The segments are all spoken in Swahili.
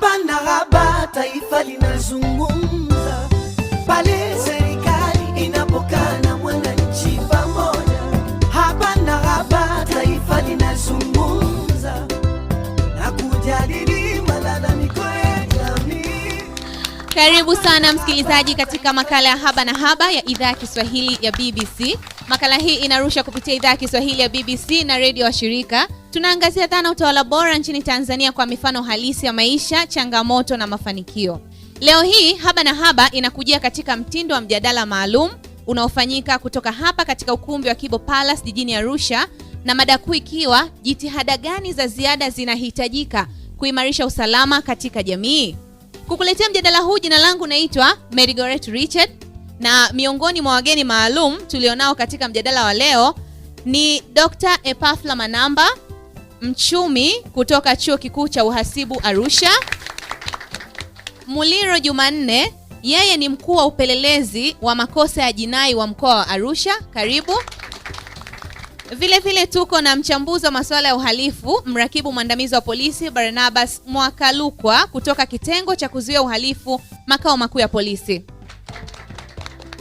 Hapa na haba, taifa linazungumza pale Karibu sana msikilizaji katika makala ya Haba na Haba ya idhaa ya Kiswahili ya BBC. Makala hii inarusha kupitia idhaa ya Kiswahili ya BBC na redio wa shirika. Tunaangazia dhana utawala bora nchini Tanzania kwa mifano halisi ya maisha, changamoto na mafanikio. Leo hii Haba na Haba inakujia katika mtindo wa mjadala maalum unaofanyika kutoka hapa katika ukumbi wa Kibo Palace jijini Arusha, na mada kuu ikiwa jitihada gani za ziada zinahitajika kuimarisha usalama katika jamii. Kukuletea mjadala huu jina langu naitwa Merigoret Richard na miongoni mwa wageni maalum tulionao katika mjadala wa leo ni Dr. Epafla Manamba, mchumi kutoka Chuo Kikuu cha Uhasibu Arusha. Muliro Jumanne, yeye ni mkuu wa upelelezi wa makosa ya jinai wa mkoa wa Arusha. Karibu. Vile vile tuko na mchambuzi wa masuala ya uhalifu, mrakibu mwandamizi wa polisi Barnabas Mwakalukwa kutoka kitengo cha kuzuia uhalifu makao makuu ya polisi.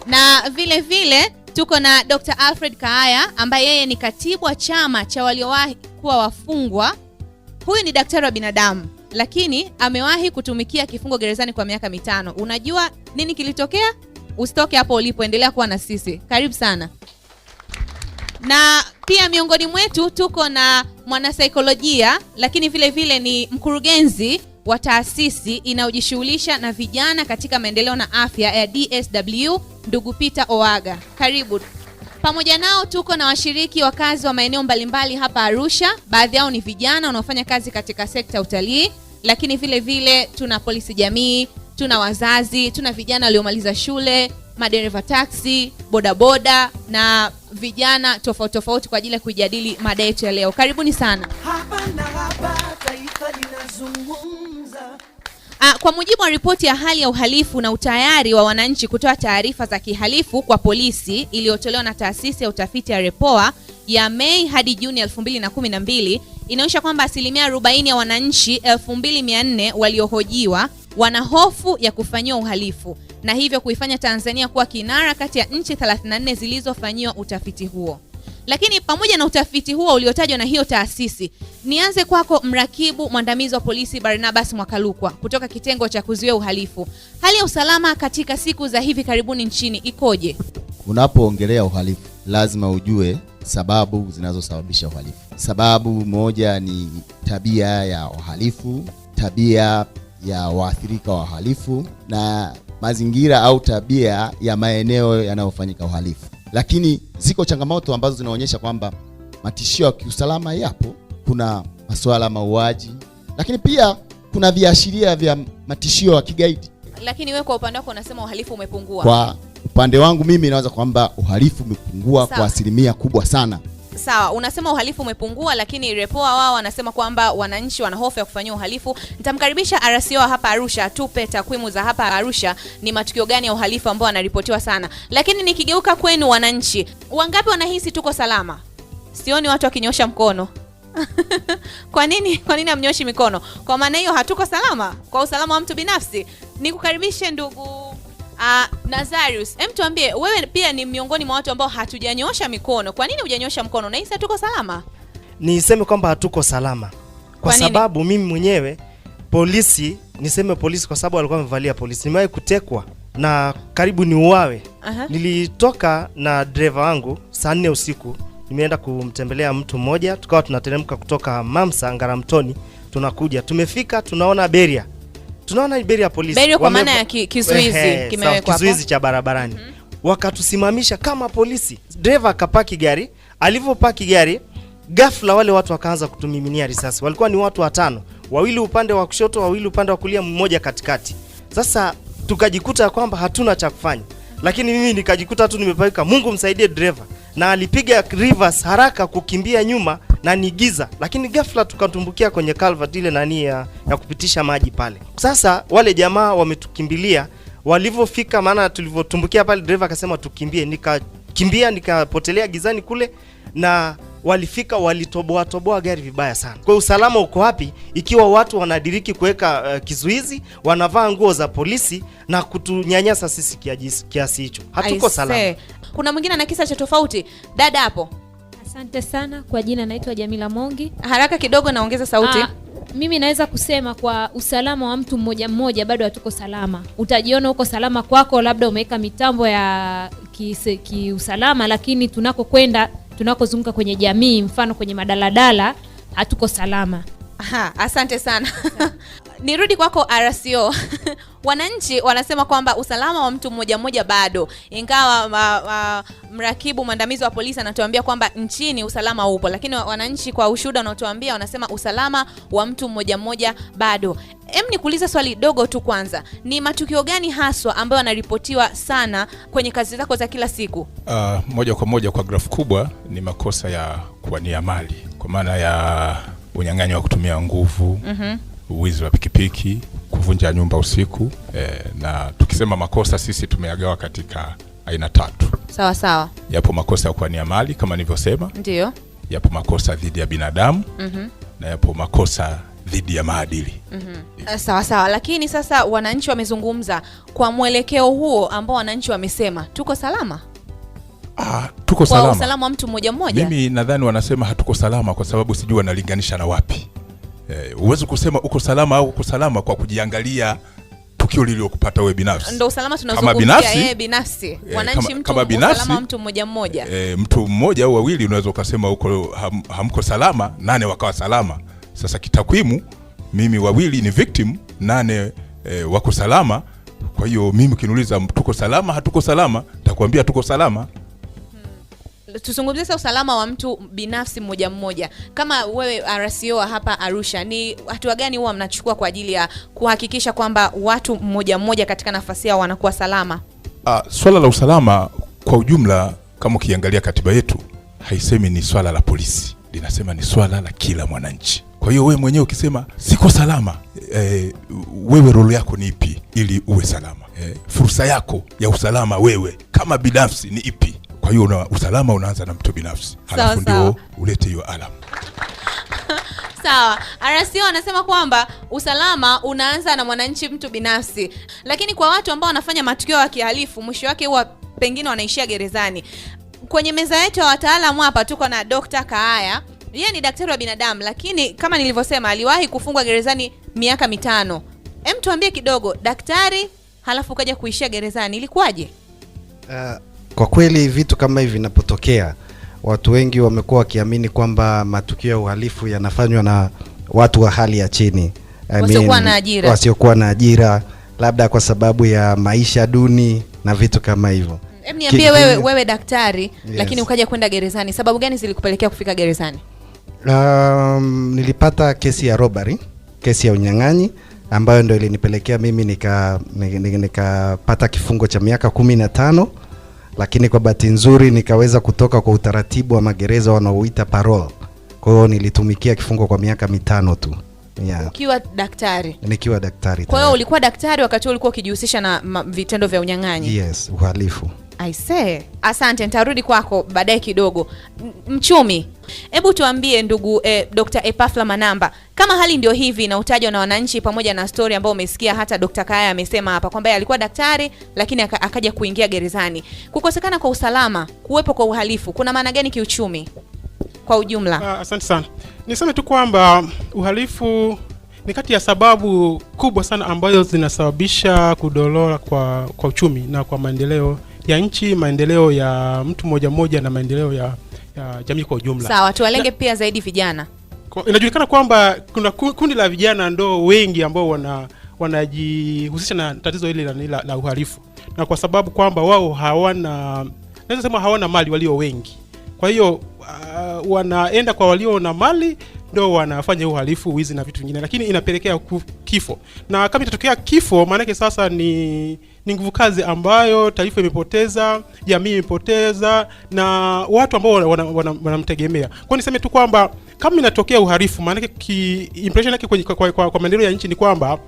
Na vile vile tuko na Dr. Alfred Kaaya ambaye yeye ni katibu wa chama cha waliowahi kuwa wafungwa. Huyu ni daktari wa binadamu lakini amewahi kutumikia kifungo gerezani kwa miaka mitano. Unajua nini kilitokea? Usitoke hapo ulipo, endelea kuwa na sisi. Karibu sana na pia miongoni mwetu tuko na mwanasaikolojia lakini vile vile ni mkurugenzi wa taasisi inayojishughulisha na vijana katika maendeleo na afya ya DSW, ndugu Peter Oaga. Karibu. Pamoja nao tuko na washiriki wakazi wa maeneo mbalimbali hapa Arusha. Baadhi yao ni vijana wanaofanya kazi katika sekta ya utalii, lakini vile vile tuna polisi jamii, tuna wazazi, tuna vijana waliomaliza shule, madereva taksi, bodaboda na vijana tofauti tofauti kwa ajili ya kujadili mada yetu ya leo. Karibuni sana. A, ah, kwa mujibu wa ripoti ya hali ya uhalifu na utayari wa wananchi kutoa taarifa za kihalifu kwa polisi iliyotolewa na taasisi ya utafiti ya Repoa ya Mei hadi Juni 2012 inaonyesha kwamba asilimia 40 ya wananchi 2400 waliohojiwa wana hofu ya kufanyiwa uhalifu na hivyo kuifanya Tanzania kuwa kinara kati ya nchi 34 zilizofanyiwa utafiti huo. Lakini pamoja na utafiti huo uliotajwa na hiyo taasisi, nianze kwako mrakibu mwandamizi wa polisi Barnabas Mwakalukwa kutoka kitengo cha kuzuia uhalifu, hali ya usalama katika siku za hivi karibuni nchini ikoje? Unapoongelea uhalifu lazima ujue sababu zinazosababisha uhalifu. Sababu moja ni tabia ya uhalifu, tabia ya waathirika wa uhalifu na mazingira au tabia ya maeneo yanayofanyika uhalifu. Lakini ziko changamoto ambazo zinaonyesha kwamba matishio ya kiusalama yapo. Kuna masuala ya mauaji, lakini pia kuna viashiria vya matishio ya kigaidi. Lakini wewe kwa upande wako unasema uhalifu umepungua. Kwa upande wangu mimi naweza kwamba uhalifu umepungua kwa asilimia kubwa sana sawa, unasema uhalifu umepungua, lakini Repoa wao wanasema kwamba wananchi wana hofu ya kufanyia uhalifu. Nitamkaribisha RCO hapa Arusha tupe takwimu za hapa Arusha, ni matukio gani ya uhalifu ambao wanaripotiwa sana. Lakini nikigeuka kwenu wananchi, wangapi wanahisi tuko salama? Sioni watu wakinyosha mkono. Kwa nini? Kwa nini amnyoshi mikono? Kwa maana hiyo hatuko salama kwa usalama wa mtu binafsi. Nikukaribishe ndugu Uh, Nazarius, em tuambie wewe pia ni miongoni mwa watu ambao hatujanyosha mikono. Kwa nini hujanyosha mkono? Nahisi hatuko salama? Niseme kwamba hatuko salama kwa kwa sababu mimi mwenyewe polisi, niseme polisi kwa sababu walikuwa wamevalia polisi. Nimewahi kutekwa na karibu ni uwawe uh -huh. Nilitoka na dreva wangu saa nne usiku, nimeenda kumtembelea mtu mmoja, tukawa tunateremka kutoka Mamsa Ngaramtoni, tunakuja tumefika, tunaona beria tunaona barrier police, kwa maana ya kizuizi kimewekwa, cha barabarani mm -hmm. Wakatusimamisha kama polisi, dereva akapaki gari. Alivyopaki gari, ghafla wale watu wakaanza kutumiminia risasi. Walikuwa ni watu watano, wawili upande wa kushoto, wawili upande wa kulia, mmoja katikati. Sasa tukajikuta kwamba hatuna cha kufanya, lakini mimi nikajikuta tu nimepaika Mungu msaidie dereva, na alipiga reverse haraka kukimbia nyuma na ni giza, lakini ghafla tukatumbukia kwenye calvert ile nani ya, ya kupitisha maji pale. Sasa wale jamaa wametukimbilia, walivyofika, maana tulivyotumbukia pale, dereva akasema tukimbie, nikakimbia nikapotelea gizani kule na walifika walitoboa toboa gari vibaya sana. Kwa usalama uko wapi ikiwa watu wanadiriki kuweka uh, kizuizi, wanavaa nguo za polisi na kutunyanyasa sisi kiasi hicho? Hatuko salama. Kuna mwingine ana kisa cha tofauti, dada hapo Asante sana kwa jina, naitwa Jamila Mongi. Haraka kidogo, naongeza sauti. Aa, ah, mimi naweza kusema kwa usalama wa mtu mmoja mmoja, bado hatuko salama. Utajiona uko salama kwako, labda umeweka mitambo ya kiusalama ki, lakini tunakokwenda, tunakozunguka kwenye jamii, mfano kwenye madaladala, hatuko salama. Aha, asante sana nirudi kwako RCO. Wananchi wanasema kwamba usalama wa mtu mmoja mmoja bado, ingawa mrakibu mwandamizi wa polisi anatuambia kwamba nchini usalama upo, lakini wananchi kwa ushuhuda wanaotuambia wanasema usalama wa mtu mmoja mmoja bado. Em, nikuuliza swali dogo tu kwanza, ni matukio gani haswa ambayo yanaripotiwa sana kwenye kazi zako za kila siku? Uh, moja kwa moja kwa grafu kubwa ni makosa ya kuwania mali kwa maana ya unyang'anyi wa kutumia nguvu, mm -hmm wizi wa pikipiki, kuvunja nyumba usiku e, na tukisema makosa sisi tumeagawa katika aina tatu. Sawa sawa. Yapo makosa ya kuwania mali kama nilivyosema. Ndio. Yapo makosa dhidi ya binadamu mm -hmm. na yapo makosa dhidi ya maadili mm -hmm. Sawa sawa, lakini sasa wananchi wamezungumza kwa mwelekeo huo ambao wananchi wamesema tuko salama. Ah, tuko salama. Kwa usalama wa mtu mmoja mmoja. Mimi nadhani wanasema hatuko salama kwa sababu sijui wanalinganisha na wapi. Eh, huwezi eh, kusema uko salama au uko salama kwa kujiangalia tukio lililokupata wewe binafsi. Ndio usalama tunazungumzia, binafsi, binafsi, eh, wananchi, mtu kama binafsi, mtu mmoja mmoja, eh, mtu mmoja au wawili unaweza ukasema uko ham, hamko salama, nane wakawa salama. Sasa kitakwimu, mimi wawili ni victim, nane eh, wako salama. Kwa hiyo mimi ukiniuliza tuko salama hatuko salama, takwambia tuko salama tuzungumzie sa usalama wa mtu binafsi mmoja mmoja. Kama wewe RCO wa hapa Arusha, ni hatua gani huwa mnachukua kwa ajili ya kuhakikisha kwamba watu mmoja mmoja katika nafasi yao wanakuwa salama? Uh, swala la usalama kwa ujumla, kama ukiangalia katiba yetu haisemi ni swala la polisi, linasema ni swala la kila mwananchi. Kwa hiyo wewe mwenyewe ukisema siko salama e, wewe rolo yako ni ipi ili uwe salama? E, fursa yako ya usalama wewe kama binafsi ni ipi? Kwa hiyo una, usalama unaanza na mtu binafsi, halafu ndio ulete hiyo alamu. Sawa. RCO anasema kwamba usalama unaanza na mwananchi, mtu binafsi, lakini kwa watu ambao wanafanya matukio ya kihalifu mwisho wake huwa pengine wanaishia gerezani. Kwenye meza yetu ya wataalamu hapa tuko na Dr. Kaaya, yeye ni daktari wa binadamu, lakini kama nilivyosema aliwahi kufungwa gerezani miaka mitano. Hem, tuambie kidogo daktari, halafu ukaja kuishia gerezani, ilikuwaje? Uh, kwa kweli vitu kama hivi vinapotokea, watu wengi wamekuwa wakiamini kwamba matukio ya uhalifu yanafanywa na watu wa hali ya chini, wasiokuwa na ajira, wasiokuwa na ajira labda kwa sababu ya maisha duni na vitu kama hivyo. niambie wewe, wewe daktari yes, lakini ukaja kwenda gerezani, sababu gani zilikupelekea kufika gerezani? Um, nilipata kesi ya robbery, kesi ya unyang'anyi ambayo ndio ilinipelekea mimi nikapata nika, nika, nika kifungo cha miaka kumi na tano lakini kwa bahati nzuri nikaweza kutoka kwa utaratibu wa magereza wanaoita parole. Kwa hiyo nilitumikia kifungo kwa miaka mitano tu yeah. Ukiwa daktari, nikiwa daktari. Kwa hiyo ulikuwa daktari wakati ulikuwa ukijihusisha na vitendo vya unyang'anyi? Yes, uhalifu. I Asante, nitarudi kwako baadaye kidogo. Mchumi, hebu tuambie ndugu eh, Dr. Epafla Manamba, kama hali ndio hivi utajwa na wananchi pamoja na stori ambayo umesikia hata Dr. Kaya amesema hapa kwamba alikuwa daktari lakini akaja kuingia gerezani, kukosekana kwa usalama, kuwepo kwa uhalifu kuna maana gani kiuchumi? kwa ujumla? Ah, asante sana. Niseme tu kwamba uhalifu ni kati ya sababu kubwa sana ambazo zinasababisha kudorora kwa, kwa uchumi na kwa maendeleo ya nchi, maendeleo ya mtu mmoja mmoja na maendeleo ya, ya jamii kwa ujumla. Sawa, tuwalenge pia zaidi vijana. Kwa, inajulikana kwamba kuna kundi la vijana ndo wengi ambao wana wanajihusisha na tatizo hili la, la, la uhalifu na kwa sababu kwamba wao hawana naweza sema hawana mali walio wengi kwa hiyo uh, wanaenda kwa walio na mali ndo wanafanya uhalifu, wizi na vitu vingine, lakini inapelekea kifo. Na kama itatokea kifo, maanake sasa ni ni nguvu kazi ambayo taifa imepoteza, jamii imepoteza, na watu ambao wanamtegemea. Wana, wana kwa niseme tu kwamba kama inatokea uharifu maanake impression yake kwa, kwa, kwa, kwa maendeleo ya nchi ni kwamba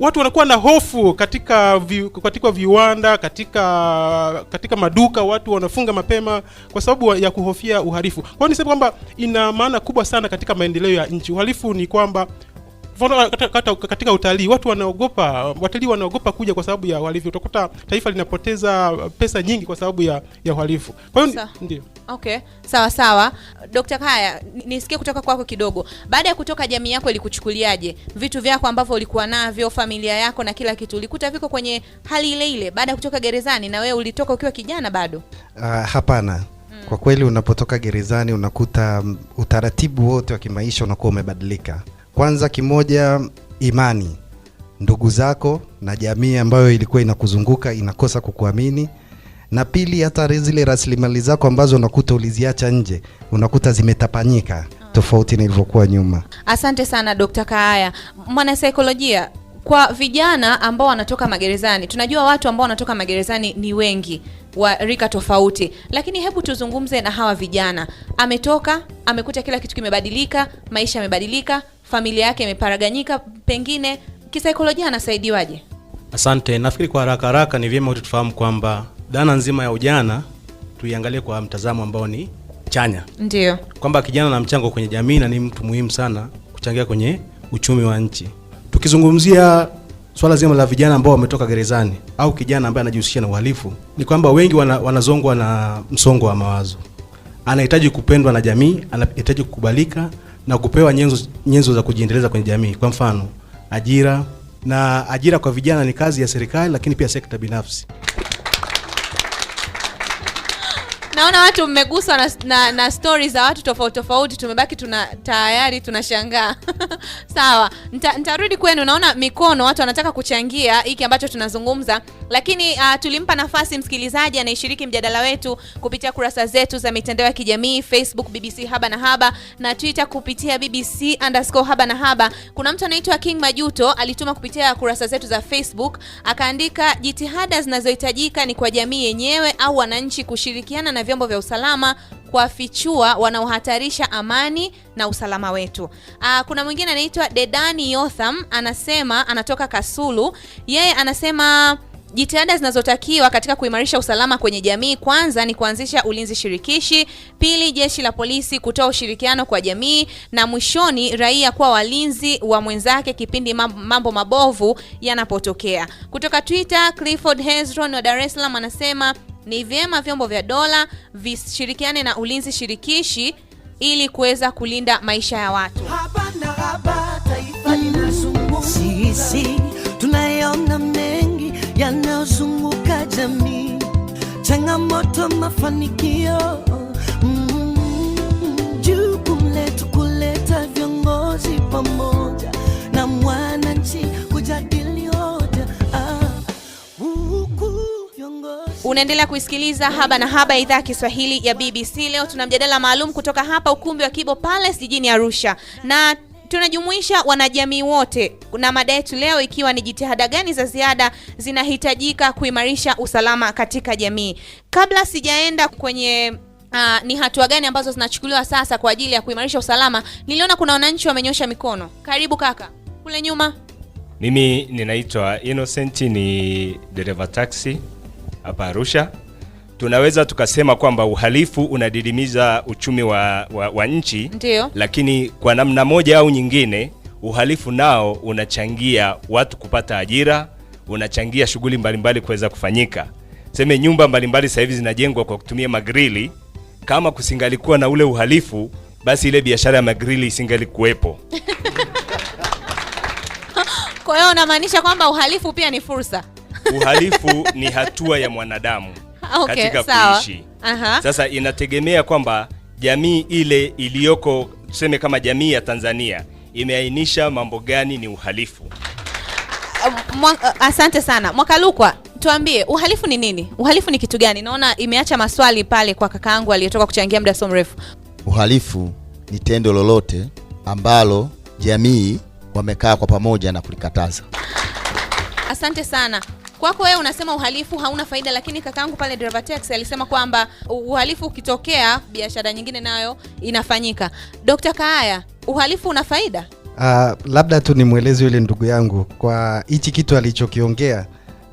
watu wanakuwa na hofu katika vi, katika viwanda katika katika maduka, watu wanafunga mapema kwa sababu ya kuhofia uhalifu. Kwa hiyo nisema kwamba ina maana kubwa sana katika maendeleo ya nchi. Uhalifu ni kwamba katika utalii watu wanaogopa, watalii wanaogopa kuja kwa sababu ya uhalifu. Utakuta taifa linapoteza pesa nyingi kwa sababu ya ya uhalifu. Kwa hiyo ndio okay, sawa sawa. Dr. Kaya, nisikie kutoka kwako kidogo. Baada ya kutoka, jamii yako ilikuchukuliaje? Vitu vyako ambavyo ulikuwa navyo, familia yako na kila kitu, ulikuta viko kwenye hali ile ile baada ya kutoka gerezani? Na wewe ulitoka ukiwa kijana bado? Uh, hapana hmm. kwa kweli unapotoka gerezani unakuta mm, utaratibu wote wa kimaisha unakuwa umebadilika. Kwanza kimoja, imani, ndugu zako na jamii ambayo ilikuwa inakuzunguka inakosa kukuamini, na pili, hata zile rasilimali zako ambazo unakuta uliziacha nje unakuta zimetapanyika ah. tofauti na ilivyokuwa nyuma. Asante sana Dr. Kaaya, mwanasaikolojia kwa vijana ambao wanatoka magerezani, tunajua watu ambao wanatoka magerezani ni wengi wa rika tofauti, lakini hebu tuzungumze na hawa vijana. Ametoka, amekuta kila kitu kimebadilika, maisha yamebadilika, familia yake imeparaganyika, pengine kisaikolojia anasaidiwaje? Asante, nafikiri kwa haraka haraka ni vyema wote tufahamu kwamba dhana nzima ya ujana tuiangalie kwa mtazamo ambao ni chanya, ndio kwamba kijana na mchango kwenye jamii na ni mtu muhimu sana kuchangia kwenye uchumi wa nchi. Tukizungumzia swala zima la vijana ambao wametoka gerezani au kijana ambaye anajihusisha na uhalifu, ni kwamba wengi wana, wanazongwa na msongo wa mawazo, anahitaji kupendwa na jamii, anahitaji kukubalika na kupewa nyenzo, nyenzo za kujiendeleza kwenye jamii, kwa mfano ajira. Na ajira kwa vijana ni kazi ya serikali, lakini pia sekta binafsi naona watu mmeguswa na, na, na stori za watu tofauti tofauti, tumebaki tuna tayari tunashangaa. Sawa, nitarudi kwenu. Naona mikono, watu wanataka kuchangia hiki ambacho tunazungumza, lakini uh, tulimpa nafasi msikilizaji anayeshiriki mjadala wetu kupitia kurasa zetu za mitandao ya kijamii Facebook BBC Haba na Haba na Twitter kupitia BBC underscore Haba na Haba. Kuna mtu anaitwa King Majuto alituma kupitia kurasa zetu za Facebook akaandika, jitihada zinazohitajika ni kwa jamii yenyewe au wananchi kushirikiana na vyombo vya usalama kuwafichua wanaohatarisha amani na usalama wetu. Aa, ah, kuna mwingine anaitwa Dedani Yotham anasema, anatoka Kasulu. Yeye anasema Jitihada zinazotakiwa katika kuimarisha usalama kwenye jamii kwanza ni kuanzisha ulinzi shirikishi, pili jeshi la polisi kutoa ushirikiano kwa jamii na mwishoni raia kuwa walinzi wa mwenzake kipindi mambo mabovu yanapotokea. Kutoka Twitter, Clifford Hezron wa Dar es Salaam anasema ni vyema vyombo vya dola vishirikiane na ulinzi shirikishi ili kuweza kulinda maisha ya watu. Haba na haba, taifa changamoto, mafanikio mm-hmm. ah, Unaendelea kuisikiliza Haba na Haba ya idhaa ya Kiswahili ya BBC. Leo tuna mjadala maalum kutoka hapa ukumbi wa Kibo Palace jijini Arusha na tunajumuisha wanajamii wote, na mada yetu leo ikiwa ni jitihada gani za ziada zinahitajika kuimarisha usalama katika jamii. Kabla sijaenda kwenye uh, ni hatua gani ambazo zinachukuliwa sasa kwa ajili ya kuimarisha usalama? Niliona kuna wananchi wamenyosha mikono. Karibu kaka, kule nyuma. Mimi ninaitwa Innocent, ni dereva taxi hapa Arusha tunaweza tukasema kwamba uhalifu unadidimiza uchumi wa, wa, wa nchi. Ndiyo. Lakini kwa namna moja au nyingine uhalifu nao unachangia watu kupata ajira, unachangia shughuli mbalimbali kuweza kufanyika. Seme nyumba mbalimbali sasa hivi zinajengwa kwa kutumia magrili. Kama kusingalikuwa na ule uhalifu, basi ile biashara ya magrili isingalikuwepo. Kwa hiyo unamaanisha kwamba uhalifu pia ni fursa? Uhalifu ni hatua ya mwanadamu. okay, katika kuishi. Sasa inategemea kwamba jamii ile iliyoko tuseme kama jamii ya Tanzania imeainisha mambo gani ni uhalifu. Um, uh, asante sana Mwakalukwa, tuambie uhalifu ni nini? Uhalifu ni kitu gani? Naona imeacha maswali pale kwa kakaangu aliyetoka kuchangia muda so mrefu. Uhalifu ni tendo lolote ambalo jamii wamekaa kwa pamoja na kulikataza. Asante sana. Kwako wewe unasema uhalifu hauna faida, lakini kakangu pale Dreva alisema kwamba uhalifu ukitokea biashara nyingine nayo inafanyika. Dr. Kaaya, uhalifu una faida? Uh, labda tu nimweleze yule ndugu yangu kwa hichi kitu alichokiongea,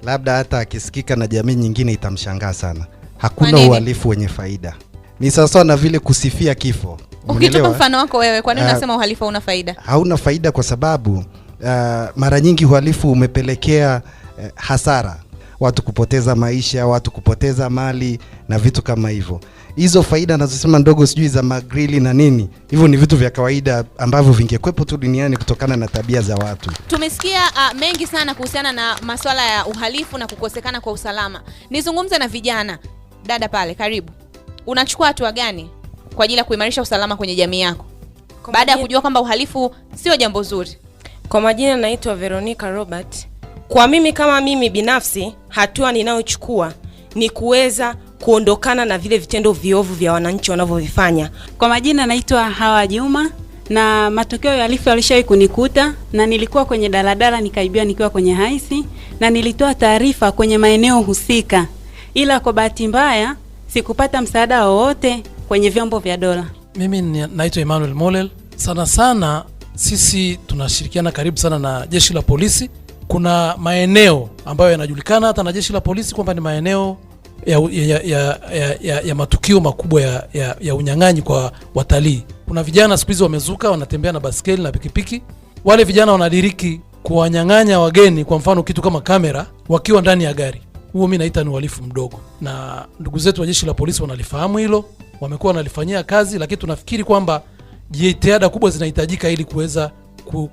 labda hata akisikika na jamii nyingine itamshangaa sana. Hakuna Manini? uhalifu wenye faida ni sawasawa na vile kusifia kifo. Ukitupa mfano wako wewe, kwa nini ah, unasema uhalifu hauna faida? Hauna faida kwa sababu uh, mara nyingi uhalifu umepelekea uh, hasara, watu kupoteza maisha, watu kupoteza mali na vitu kama hivyo. Hizo faida anazosema ndogo, sijui za magrili na nini, hivyo ni vitu vya kawaida ambavyo vingekwepo tu duniani kutokana na tabia za watu. Tumesikia uh, mengi sana kuhusiana na masuala ya uhalifu na kukosekana kwa usalama. Nizungumze na vijana. Dada pale karibu, unachukua hatua gani kwa ajili ya kuimarisha usalama kwenye jamii yako baada ya kujua kwamba uhalifu sio jambo zuri? Kwa majina naitwa Veronica Robert. Kwa mimi kama mimi binafsi, hatua ninayochukua ni kuweza kuondokana na vile vitendo viovu vya wananchi wanavyovifanya. Kwa majina naitwa Hawa Juma na matokeo ya halifu yalishawahi kunikuta na nilikuwa kwenye daladala nikaibiwa nikiwa kwenye haisi na nilitoa taarifa kwenye maeneo husika, ila kwa bahati mbaya sikupata msaada wowote kwenye vyombo vya dola. Mimi naitwa Emmanuel Molel. Sana sana sisi tunashirikiana karibu sana na jeshi la polisi. Kuna maeneo ambayo yanajulikana hata na jeshi la polisi kwamba ni maeneo ya, ya, ya, ya, ya, ya matukio makubwa ya, ya, ya unyang'anyi kwa watalii. Kuna vijana siku hizi wamezuka, wanatembea na baskeli na pikipiki. Wale vijana wanadiriki kuwanyang'anya wageni, kwa mfano kitu kama kamera, wakiwa ndani ya gari. Huo mi naita ni uhalifu mdogo, na ndugu zetu wa jeshi la polisi wanalifahamu hilo, wamekuwa wanalifanyia kazi, lakini tunafikiri kwamba jitihada kubwa zinahitajika ili kuweza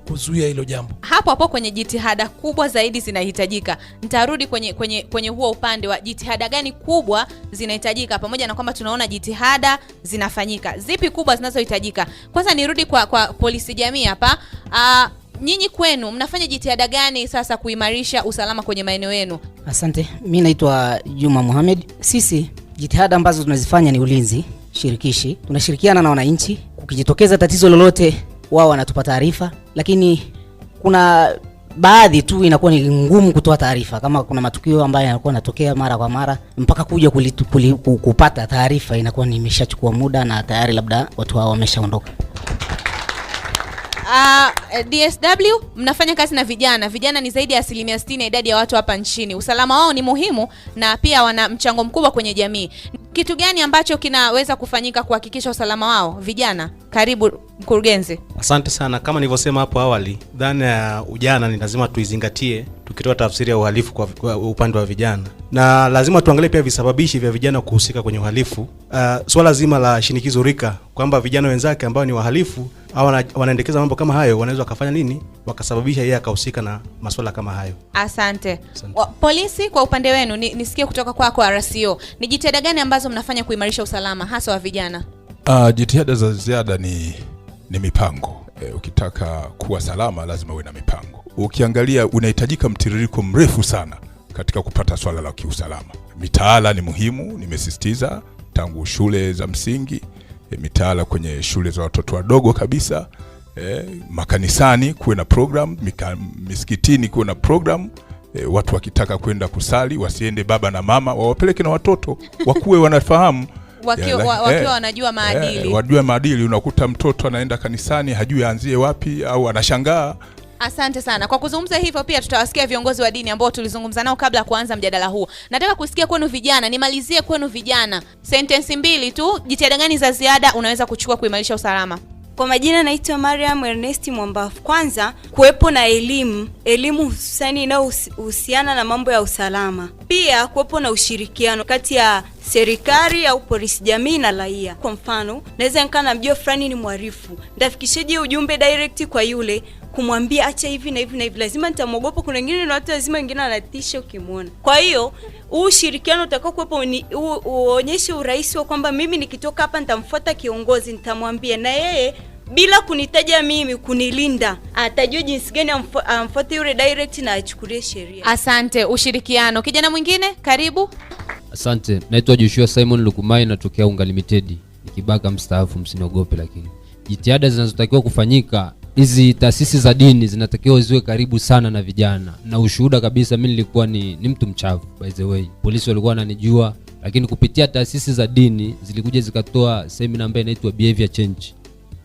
kuzuia hilo jambo. Hapo hapo kwenye jitihada kubwa zaidi zinahitajika, nitarudi kwenye, kwenye, kwenye huo upande wa jitihada gani kubwa zinahitajika, pamoja na kwamba tunaona jitihada zinafanyika, zipi kubwa zinazohitajika? Kwanza nirudi kwa, kwa polisi jamii hapa. Ah, nyinyi kwenu mnafanya jitihada gani sasa kuimarisha usalama kwenye maeneo yenu? Asante, mi naitwa Juma muhamed Sisi jitihada ambazo tunazifanya ni ulinzi shirikishi, tunashirikiana na wananchi ukijitokeza tatizo lolote, wao wanatupa taarifa, lakini kuna baadhi tu inakuwa ni ngumu kutoa taarifa, kama kuna matukio ambayo yanakuwa yanatokea mara kwa mara, mpaka kuja kulitu, kupata taarifa inakuwa nimeshachukua muda na tayari labda watu hao wameshaondoka. Uh, ah, DSW mnafanya kazi na vijana. Vijana ni zaidi ya asilimia 60 ya idadi ya watu hapa nchini. Usalama wao ni muhimu na pia wana mchango mkubwa kwenye jamii. Kitu gani ambacho kinaweza kufanyika kuhakikisha usalama wao vijana? Karibu mkurugenzi. Asante sana. Kama nilivyosema hapo awali, dhana ya ujana ni lazima tuizingatie tukitoa tafsiri ya uhalifu kwa, upande wa vijana, na lazima tuangalie pia visababishi vya vijana kuhusika kwenye uhalifu. Uh, swala zima la shinikizo rika kwamba vijana wenzake ambao ni wahalifu au wanaendekeza mambo kama hayo, wanaweza wakafanya nini wakasababisha yeye akahusika na masuala kama hayo. Asante, asante. Wa, polisi kwa upande wenu ni, nisikie kutoka kwako kwa RCO, ni jitihada gani ambazo mnafanya kuimarisha usalama hasa wa vijana? Uh, jitihada za ziada ni, ni mipango e, ukitaka kuwa salama lazima uwe na mipango. Ukiangalia unahitajika mtiririko mrefu sana katika kupata swala la kiusalama. Mitaala ni muhimu, nimesisitiza tangu shule za msingi e, mitaala kwenye shule za watoto wadogo kabisa e, makanisani kuwe na program mika, misikitini kuwe na program e, watu wakitaka kwenda kusali wasiende baba na mama, wawapeleke na watoto wakuwe wanafahamu wakiwa eh, wanajua maadili eh, wajue maadili. Unakuta mtoto anaenda kanisani hajui aanzie wapi, au anashangaa Asante sana kwa kuzungumza hivyo. Pia tutawasikia viongozi wa dini ambao tulizungumza nao kabla ya kuanza mjadala huu. Nataka kusikia kwenu vijana, nimalizie kwenu vijana, sentensi mbili tu. Jitihada gani za ziada unaweza kuchukua kuimarisha usalama? Kwa majina naitwa Mariam Ernesti Mwambafu. Kwanza kuwepo na elimu, elimu hususani inayohusiana na mambo ya usalama. Pia kuwepo na ushirikiano kati ya serikali au polisi, jamii na raia. Kwa mfano, naweza nikaa namjua fulani ni mwarifu, ndafikishaje ujumbe direct kwa yule kumwambia acha hivi na hivi na hivi, lazima nitamwogopa. Kuna wengine na watu lazima, wengine anatisha ukimwona. Kwa hiyo huu ushirikiano utakao kuwepo uonyeshe urahisi wa kwamba mimi nikitoka hapa nitamfuata kiongozi, nitamwambia na yeye bila kunitaja mimi, kunilinda. Atajua jinsi gani amfuate yule direct na achukulie sheria. Asante, ushirikiano. Kijana mwingine, karibu. Asante, naitwa Joshua Simon Lukumai, natokea Unga Limited, nikibaka mstaafu, msiniogope. Lakini jitihada zinazotakiwa kufanyika hizi taasisi za dini zinatakiwa ziwe karibu sana na vijana, na ushuhuda kabisa, mi nilikuwa ni, ni mtu mchavu by the way, polisi walikuwa wananijua, lakini kupitia taasisi za dini zilikuja zikatoa semina ambayo inaitwa behavior change.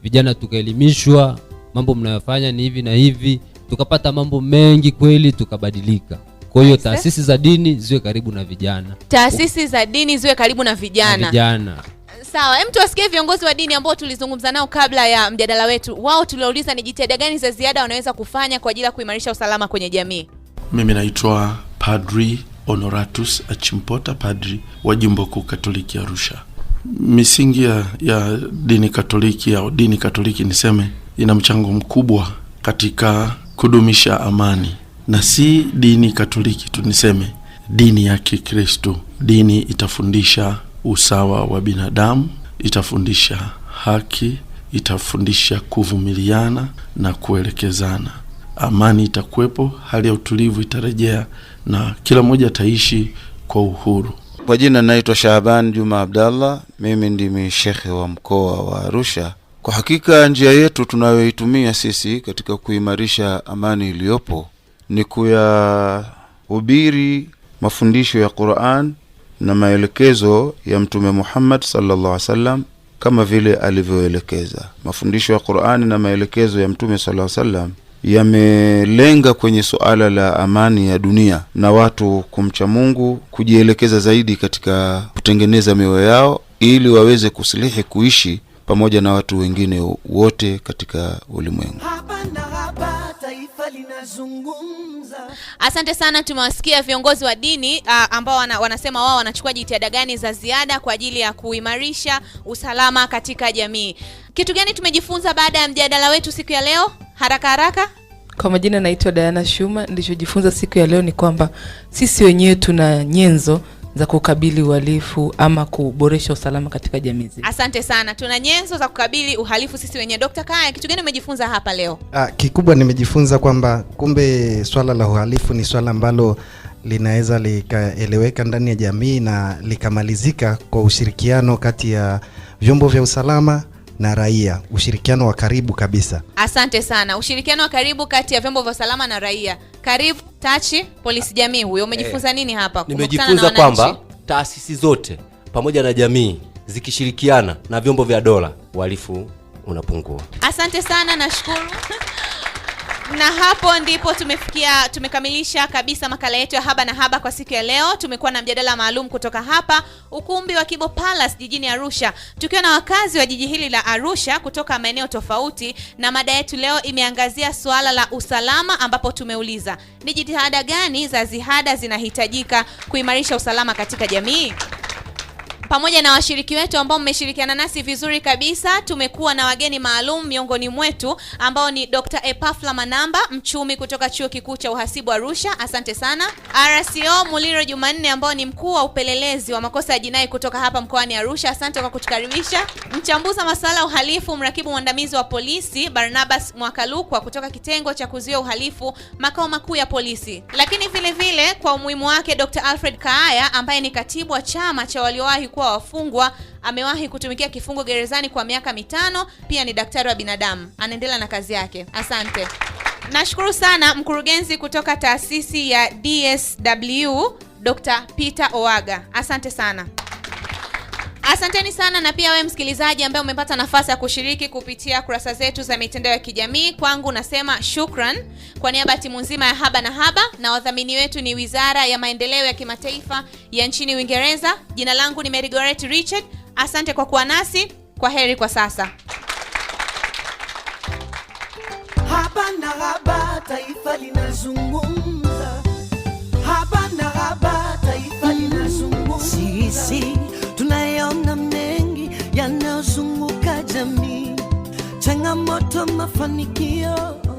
Vijana tukaelimishwa mambo mnayofanya ni hivi na hivi, tukapata mambo mengi kweli, tukabadilika. Kwa hiyo taasisi za dini ziwe karibu na vijana, taasisi za dini ziwe karibu na vijana, na vijana. Sawa, hem, tuwasikie viongozi wa dini ambao tulizungumza nao kabla ya mjadala wetu. Wao tuliwauliza ni jitihada gani za ziada wanaweza kufanya kwa ajili ya kuimarisha usalama kwenye jamii. Mimi naitwa Padri Honoratus Achimpota, padri wa Jimbo Kuu Katoliki Arusha. Misingi ya, ya dini Katoliki au dini Katoliki niseme, ina mchango mkubwa katika kudumisha amani, na si dini Katoliki tu, niseme dini ya kikristu Dini itafundisha usawa wa binadamu, itafundisha haki, itafundisha kuvumiliana na kuelekezana. Amani itakuwepo, hali ya utulivu itarejea, na kila mmoja ataishi kwa uhuru. Kwa jina naitwa Shahaban Juma Abdallah, mimi ndimi shekhe wa mkoa wa Arusha. Kwa hakika njia yetu tunayoitumia sisi katika kuimarisha amani iliyopo ni kuyahubiri mafundisho ya Qur'an na maelekezo ya Mtume Muhammad sallallahu alaihi wasallam kama vile alivyoelekeza. Mafundisho ya Qur'ani na maelekezo ya Mtume sallallahu alaihi wasallam yamelenga kwenye suala la amani ya dunia na watu kumcha Mungu, kujielekeza zaidi katika kutengeneza mioyo yao ili waweze kusilihi kuishi pamoja na watu wengine wote katika ulimwengu. Asante sana, tumewasikia viongozi wa dini uh, ambao wana, wanasema wao wanachukua jitihada gani za ziada kwa ajili ya kuimarisha usalama katika jamii. Kitu gani tumejifunza baada ya mjadala wetu siku ya leo? Haraka haraka. Kwa majina naitwa Diana Shuma. Nilichojifunza siku ya leo ni kwamba sisi wenyewe tuna nyenzo za kukabili uhalifu ama kuboresha usalama katika jamii zetu. Asante sana. Tuna nyenzo za kukabili uhalifu sisi wenyewe. Dkt. Kaya, kitu gani umejifunza hapa leo? Ah, kikubwa nimejifunza kwamba kumbe swala la uhalifu ni swala ambalo linaweza likaeleweka ndani ya jamii na likamalizika kwa ushirikiano kati ya vyombo vya usalama na raia, ushirikiano wa karibu kabisa. Asante sana, ushirikiano wa karibu kati ya vyombo vya usalama na raia. Karibu Tachi, polisi jamii. Huyo umejifunza eh, nini hapa? Nimejifunza kwamba taasisi zote pamoja na jamii zikishirikiana na vyombo vya dola, uhalifu unapungua. Asante sana, nashukuru. na hapo ndipo tumefikia, tumekamilisha kabisa makala yetu ya Haba na Haba kwa siku ya leo. Tumekuwa na mjadala maalum kutoka hapa ukumbi wa Kibo Palace jijini Arusha, tukiwa na wakazi wa jiji hili la Arusha kutoka maeneo tofauti, na mada yetu leo imeangazia suala la usalama, ambapo tumeuliza ni jitihada gani za ziada zinahitajika kuimarisha usalama katika jamii pamoja na washiriki wetu ambao mmeshirikiana nasi vizuri kabisa. Tumekuwa na wageni maalum miongoni mwetu ambao ni Dr. Epafla Manamba, mchumi kutoka Chuo Kikuu cha Uhasibu Arusha, asante sana. RCO Muliro Jumanne, ambao ni mkuu wa upelelezi wa makosa ya jinai kutoka hapa mkoani Arusha, asante kwa kutukaribisha. Mchambuza masuala ya uhalifu, mrakibu mwandamizi wa polisi Barnabas Mwakalukwa kutoka kitengo cha kuzuia uhalifu, makao makuu ya polisi. Lakini vile vile kwa umuhimu wake Dr. Alfred Kaaya ambaye ni katibu wa chama cha waliowahi kuwa wafungwa. Amewahi kutumikia kifungo gerezani kwa miaka mitano. Pia ni daktari wa binadamu, anaendelea na kazi yake. Asante. Nashukuru sana mkurugenzi kutoka taasisi ya DSW Dr. Peter Owaga, asante sana. Asanteni sana na pia wewe msikilizaji ambaye umepata nafasi ya kushiriki kupitia kurasa zetu za mitandao ya kijamii. Kwangu nasema shukran kwa niaba ya timu nzima ya Haba na Haba, na wadhamini wetu ni Wizara ya Maendeleo ya Kimataifa ya nchini Uingereza. Jina langu ni Merigoret Richard. Asante kwa kuwa nasi, kwa heri kwa sasa. Haba na Haba, taifa linazungumza. changamoto, mafanikio